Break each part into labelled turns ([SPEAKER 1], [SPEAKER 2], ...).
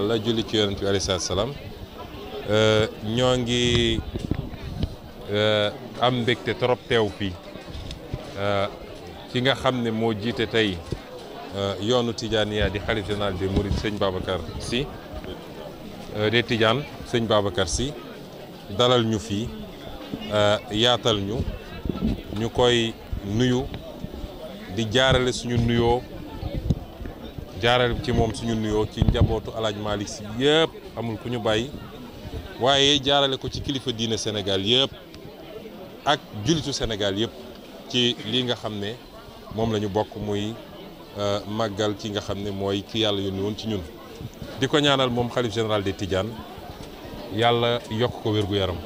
[SPEAKER 1] yàlla julli ci yonent bi alayhi salaatu salaam euh, ñoo ngi euh, am mbégte trop teew fii euh, ki nga xam ne moo jiite tey yoonu Tijaaniya di xalif général des Mourides sëñ Babacar si des Tidiane sëñ Babacar Sy dalal ñu fii yaatal ñu ñu koy nuyu di jaarale suñu nuyoo jaarale ci moom suñu nuyoo ci njabootu El Hadj si Sy yëpp amul ku ñu bàyyi waaye jaarale ko ci kilifa diine senegal yëpp ak jullitu senegal yëpp ci lii nga xam ne moom la ñu bokk muy euh, màggal ki nga xam ne mooy ki yàlla yónni woon ci ñun. di ko ñaanal moom xalif général de Tidiane yàlla yokk ko wérgu yaram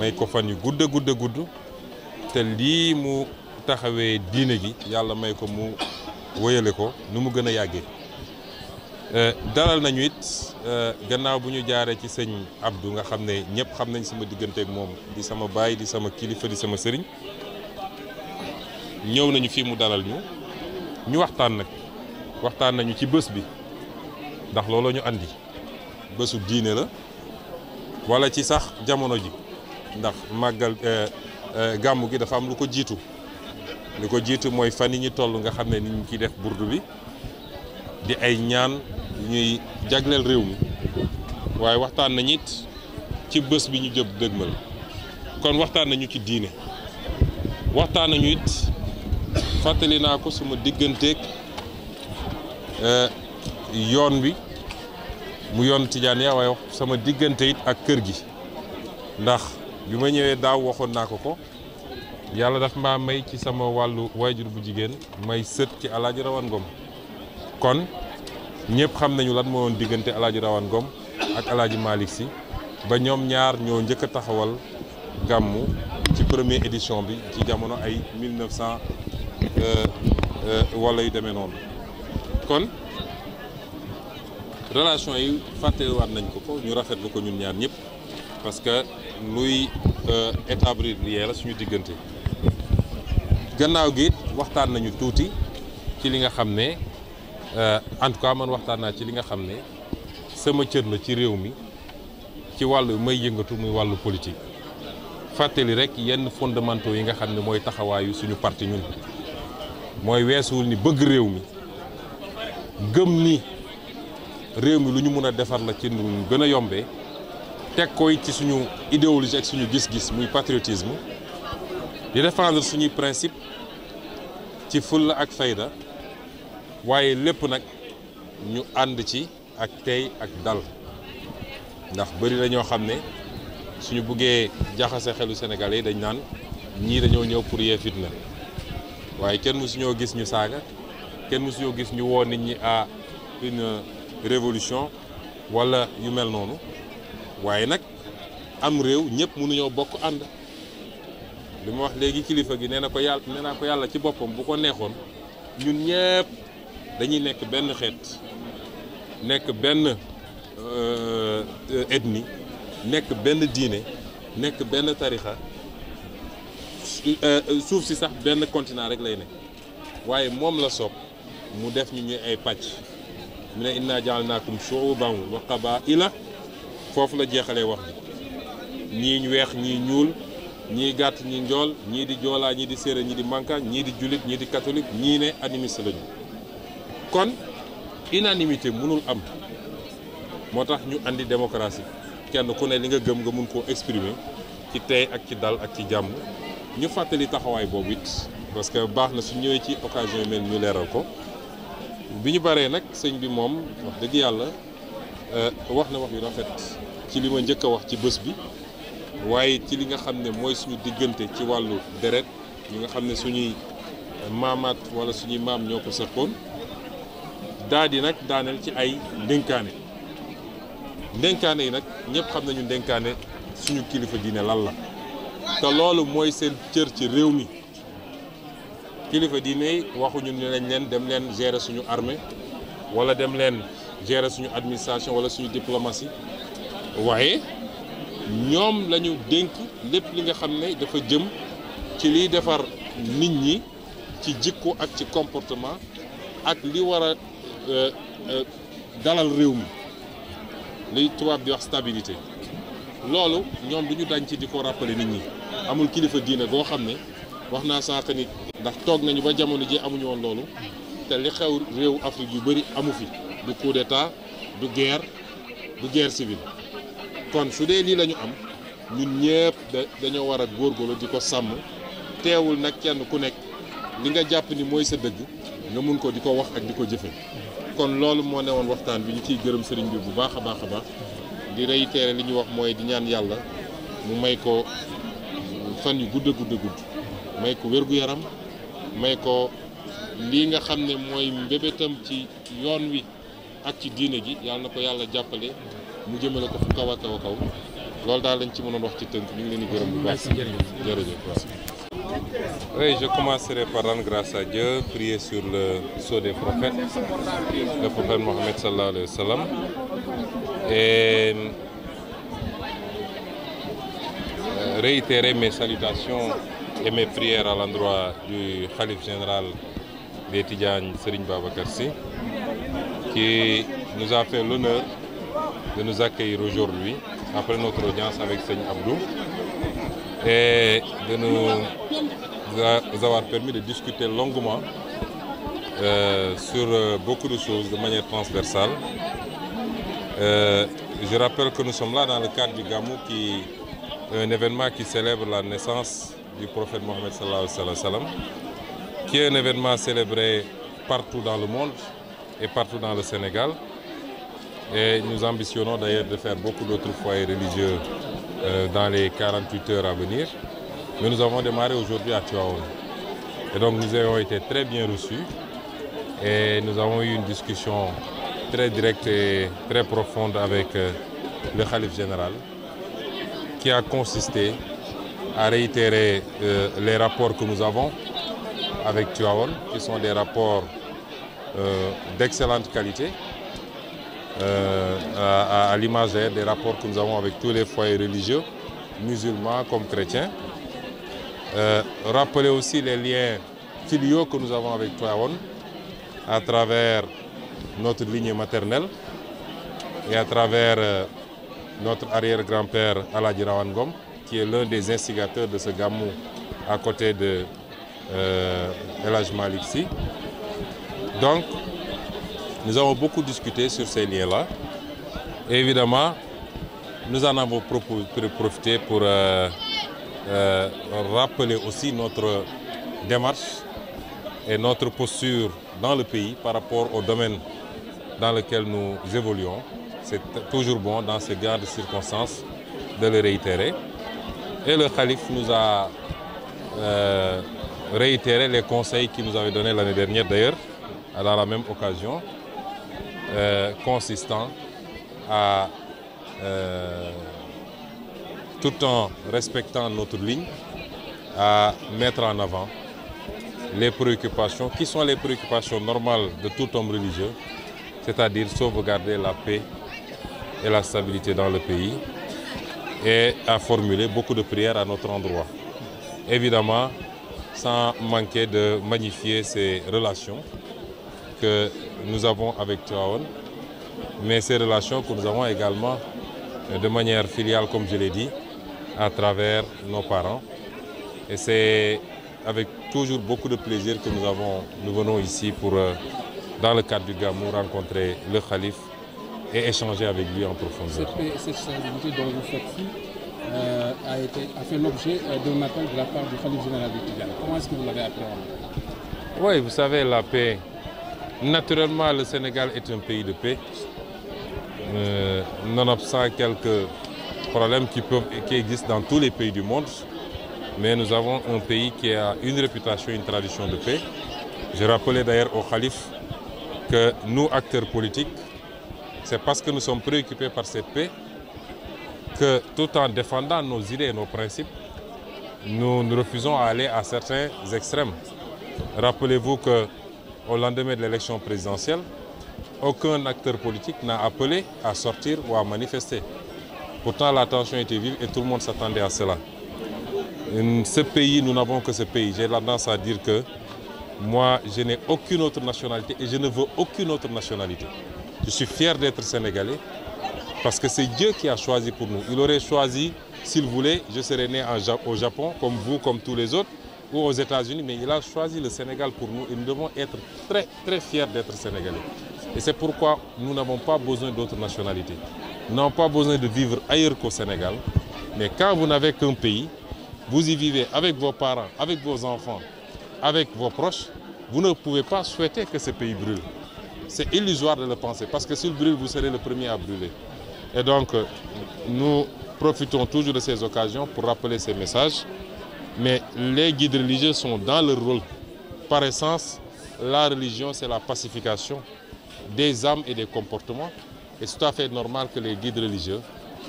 [SPEAKER 1] may ko fan yu gudd a gudd te lii mu taxawee diine gi yàlla may ko mu wëyale ko nu mu gën a yàggee. Euh, dalal nañu it euh, gannaaw bu ñu jaaree ci sëñ Abdou nga xam ne ñëpp xam nañ sama diggante digganteeg moom di sama baay di sama kilifa di sama sëriñ ñëw nañu fii mu dalal ñu ñu waxtaan nag waxtaan nañu ci bés bi ndax looloo ñu andi bésu diine la wala ci sax jamono ji ndax màggal euh, gàmmu gi dafa am lu ko jiitu li ko jiitu mooy fan yi ñu toll nga xam ne ni ñu ciy def burdu bi di ay ñaan ñuy jagleel réew mi waaye waxtaan nañ it ci bés bi ñu jëm dëgmal kon waxtaan nañu ci diine waxtaan nañu it fàttali naa ko suma digganteeg euh, yoon bi mu yoon tijaan yaa waaye sama diggante it ak kër gi ndax bi ma ñëwee daaw waxoon naa ko ko yàlla daf maa may ci sama wàllu waajur bu jigéen may sët ci alaaji rawan ngom kon ñëpp xam nañu lan moo woon diggante El Hadj Rawane Ngom ak El Hadj si ba ñoom ñaar ñoo njëkk a taxawal gàmmu ci premier édition bi ci jamono ay 1900 euh, euh, wala yu demee noonu kon relation yi fàttewaat nañ ko ko ñu rafet rafetlu ko ñun ñaar ñëpp parce que luy euh, établir yee la suñu diggante gannaaw gi waxtaan nañu tuuti ci li nga xam ne Euh, en tout cas man waxtaan naa ci li nga xam ne sama cër la ci réew mi ci wàll may yëngatu muy wàllu politique fàttali rek yenn fondamentaux yi nga xam ne mooy taxawaayu suñu parti ñun mooy weesuwul ni bëgg réew mi gëm ni réew mi lu ñu mun a defar la ci nu gën a yombee teg ko yi ci suñu idéologie ak suñu gis-gis muy patriotisme di défendre suñuy principe ci fulla ak fayda waaye lépp nag ñu ànd ci ak tey ak dal ndax bari na ñoo xam ne suñu buggee jaxase xelu Sénégalais yi dañ naan ñii dañoo ñëw pour yee fitna waaye kenn mësuñoo gis ñu saaga kenn mësuñoo gis ñu woo nit ñi à une révolution wala yu mel noonu waaye nag am réew ñëpp mënuñoo bokk ànd li ma wax léegi kilifa gi nee na ko yàlla nee naa ko yàlla ci boppam bu ko neexoon ñun ñëpp. dañuy nekk benn xeet nekk benn euh, etni nekk benn diine nekk benn tarixa suuf si sax benn continant rek lay ne waaye moom la soob mu def ñu ñuy ay pàcc mu ne inna jaalnaakum shuuban wa qabaa'ila foofu la jeexalee wax bi ñii weex ñii ñuul ñii gàtt ñii njool ñii di joolaa ñii di séeréer ñii di manka ñii di jullit ñii di katolik ñii ne animiste lañu kon unanimité mënul am moo tax ñu andi démocratie kenn ku ne li nga gëm nga mun koo exprimer ci tey ak ci dal ak ci jàmm ñu fàttali taxawaay boobu it parce que baax na su ñëwee ci occasion yu mel ñu leeral ko bi ñu baree nag sëñ bi moom wax dëgg yàlla euh, wax na wax yu rafet ci li ma njëkk a wax ci bés bi waaye ci li nga xam ne mooy suñu diggante ci wàllu deret ñi nga xam ne suñuy maamaat wala suñuy maam ñoo ko seqoon daa di nag daaneel ci ay ndénkaane ndénkaane yi nag ñëpp xam nañu ndénkaane suñu kilifa diine lan la te loolu mooy seen cër ci réew mi kilifa diine yi waxuñu ne lañ leen dem leen gérer suñu armée wala dem leen gérer suñu administration wala suñu diplomatie waaye ñoom lañu dénk lépp li nga xam ne dafa jëm ci liy defar nit ñi ci jikko ak ci comportement ak li war Euh, euh, dalal réew mi li tubaab bi wax stabilité loolu ñoom du ñu dañ ci di ko rappeler nit ñi amul kilifa diine boo xam ne wax naa sànq nit ndax toog nañu ba jamono ji amuñu woon loolu te li xew réew Afrique yu bëri amu fi du coup d'état du guerre du guerre civile kon su dee lii lañu am ñun ñëpp dañoo war góor góorgóorlu di ko sàmm teewul nag kenn ku nekk li nga jàpp ni mooy sa dëgg nga mun ko di ko wax ak di ko jëfe kon loolu moo newoon waxtaan bi ñu ciy gërëm sëriñ bi bu baax a baax a baax di rey réitéré li ñu wax mooy di ñaan yàlla mu may ko fan yu gudd a gudd a gudd may ko wér-gu-yaram may ko lii nga xam ne mooy mbébétam ci yoon wi ak ci diine gi yàlla na ko yàlla jàppale mu jëmale ko fu kaw a kaw a kaw loolu daal lañ ci mënoon wax ci tënk ñu ngi leen di gërëm bu baax jërëjëf merci Oui, je commencerai par rendre grâce à Dieu, prier sur le sceau des prophètes, le prophète Mohammed sallallahu alayhi wa sallam. Et euh, réitérer mes salutations et mes prières à l'endroit du Khalif général des Tidjanes, Serigne Babakarsi, qui nous a fait l'honneur de nous accueillir aujourd'hui après notre audience avec Seigne Abdou. et de nous avoir permis de discuter longuement euh, sur euh, beaucoup de choses de manière transversale. Euh, je rappelle que nous sommes là dans le cadre du Gamou, qui est un événement qui célèbre la naissance du prophète Mohammed sallallahu alayhi wa sallam, qui est un événement célébré partout dans le monde et partout dans le Sénégal. Et nous ambitionnons d'ailleurs de faire beaucoup d'autres foyers religieux Euh, dans les 48 heures à venir. Mais nous avons démarré aujourd'hui discussion très directe et très profonde avec euh, général qui a consisté à réitérer euh, avec Tuaon, des rapports euh, qualité euh, à, à l'image des rapports que nous avons avec tous les foyers religieux, musulmans comme chrétiens. Euh, rappeler aussi les liens filiaux que nous avons avec Toyaon à travers notre lignée maternelle et à travers euh, notre arrière-grand-père Aladji Rawan Ngom, qui est l'un des instigateurs de ce gamou à côté de euh, Elaj Nous avons beaucoup discuté sur ces liens-là. Évidemment, nous en avons profité pour euh, euh, rappeler aussi notre démarche et notre posture dans le pays par rapport au domaine dans lequel nous évoluons. C'est toujours bon dans ces gardes circonstances de le réitérer. Et le calife nous a euh, réitéré les conseils qu'il nous avait donnés l'année dernière d'ailleurs, dans la même occasion. euh, consistant à, euh, tout en respectant notre ligne, à mettre en avant les préoccupations, qui sont les préoccupations normales de tout homme religieux, c'est-à-dire sauvegarder la paix et la stabilité dans le pays, et à formuler beaucoup de prières à notre endroit. Évidemment, sans manquer de magnifier ces relations que nous avons avec Tuaon, mais ces relations que nous avons également euh, de manière filiale, comme je l'ai dit, à travers nos parents. Et c'est avec toujours beaucoup de plaisir que nous, avons, nous venons ici pour, euh, dans le cadre du Gamou, rencontrer le calife et échanger avec lui en profondeur. Cette, euh, sensibilité dont vous faites euh, a, été, a fait l'objet d'un appel de la part du calife général du Comment est-ce que vous l'avez appréhendé Oui, vous savez, la paix, Naturellement, le Sénégal est un pays de paix, euh, nonobstant quelques problèmes qui, peuvent, qui existent dans tous les pays du monde. Mais nous avons un pays qui a une réputation, une tradition de paix. Je rappelais d'ailleurs au calife que nous, acteurs politiques, c'est parce que nous sommes préoccupés par cette paix que tout en défendant nos idées et nos principes, nous, nous refusons à aller à certains extrêmes. Rappelez-vous que au lendemain de l'élection présidentielle, aucun acteur politique n'a appelé à sortir ou à manifester. Pourtant, la tension était vive et tout le monde s'attendait à cela. Ce nous n'avons que ce pays. J'ai tendance à dire que moi, je n'ai aucune autre nationalité et je ne veux aucune autre nationalité. Je suis fier d'être sénégalais parce que c'est Dieu qui a choisi pour nous. Il aurait choisi, s'il voulait, je serais né au Japon, comme vous, comme tous les autres, ou aux États-Unis, mais il a choisi le Sénégal pour nous et nous devons être très très fiers d'être Sénégalais. Et c'est pourquoi nous n'avons pas besoin d'autres nationalités. Nous n'avons pas besoin de vivre ailleurs qu'au Sénégal. Mais quand vous n'avez qu'un pays, vous y vivez avec vos parents, avec vos enfants, avec vos proches, vous ne pouvez pas souhaiter que ce pays brûle. C'est illusoire de le penser, parce que s'il brûle, vous serez le premier à brûler. Et donc, nous profitons toujours de ces occasions pour rappeler ces messages. Mais les guides religieux sont dans le rôle. Par essence, la religion, c'est la pacification des âmes et des comportements. Et c'est tout normal que les guides religieux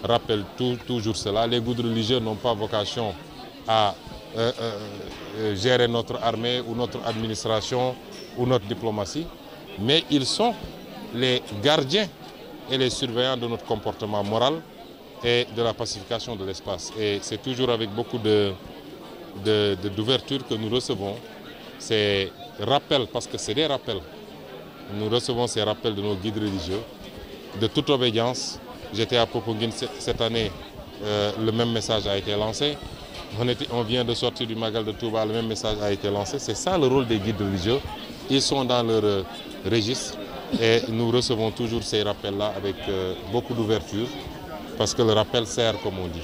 [SPEAKER 1] rappellent tout, toujours cela. Les guides religieux n'ont pas vocation à euh, euh, euh, gérer notre armée ou notre administration ou notre diplomatie, mais ils sont les gardiens et les surveillants de notre comportement moral et de la pacification de l'espace. Et c'est toujours avec beaucoup de de, de, que nous recevons, ces rappels, parce que c'est des rappels, nous recevons ces rappels de nos guides religieux, de toute obédience. J'étais à Popongine cette année, euh, le même message a été lancé. On, était, on vient de sortir du Magal de Touba, le même message a été lancé. C'est ça le rôle des guides religieux. Ils sont dans leur euh, registre et nous recevons toujours ces rappels-là avec euh, beaucoup d'ouverture parce que le rappel sert, comme on dit.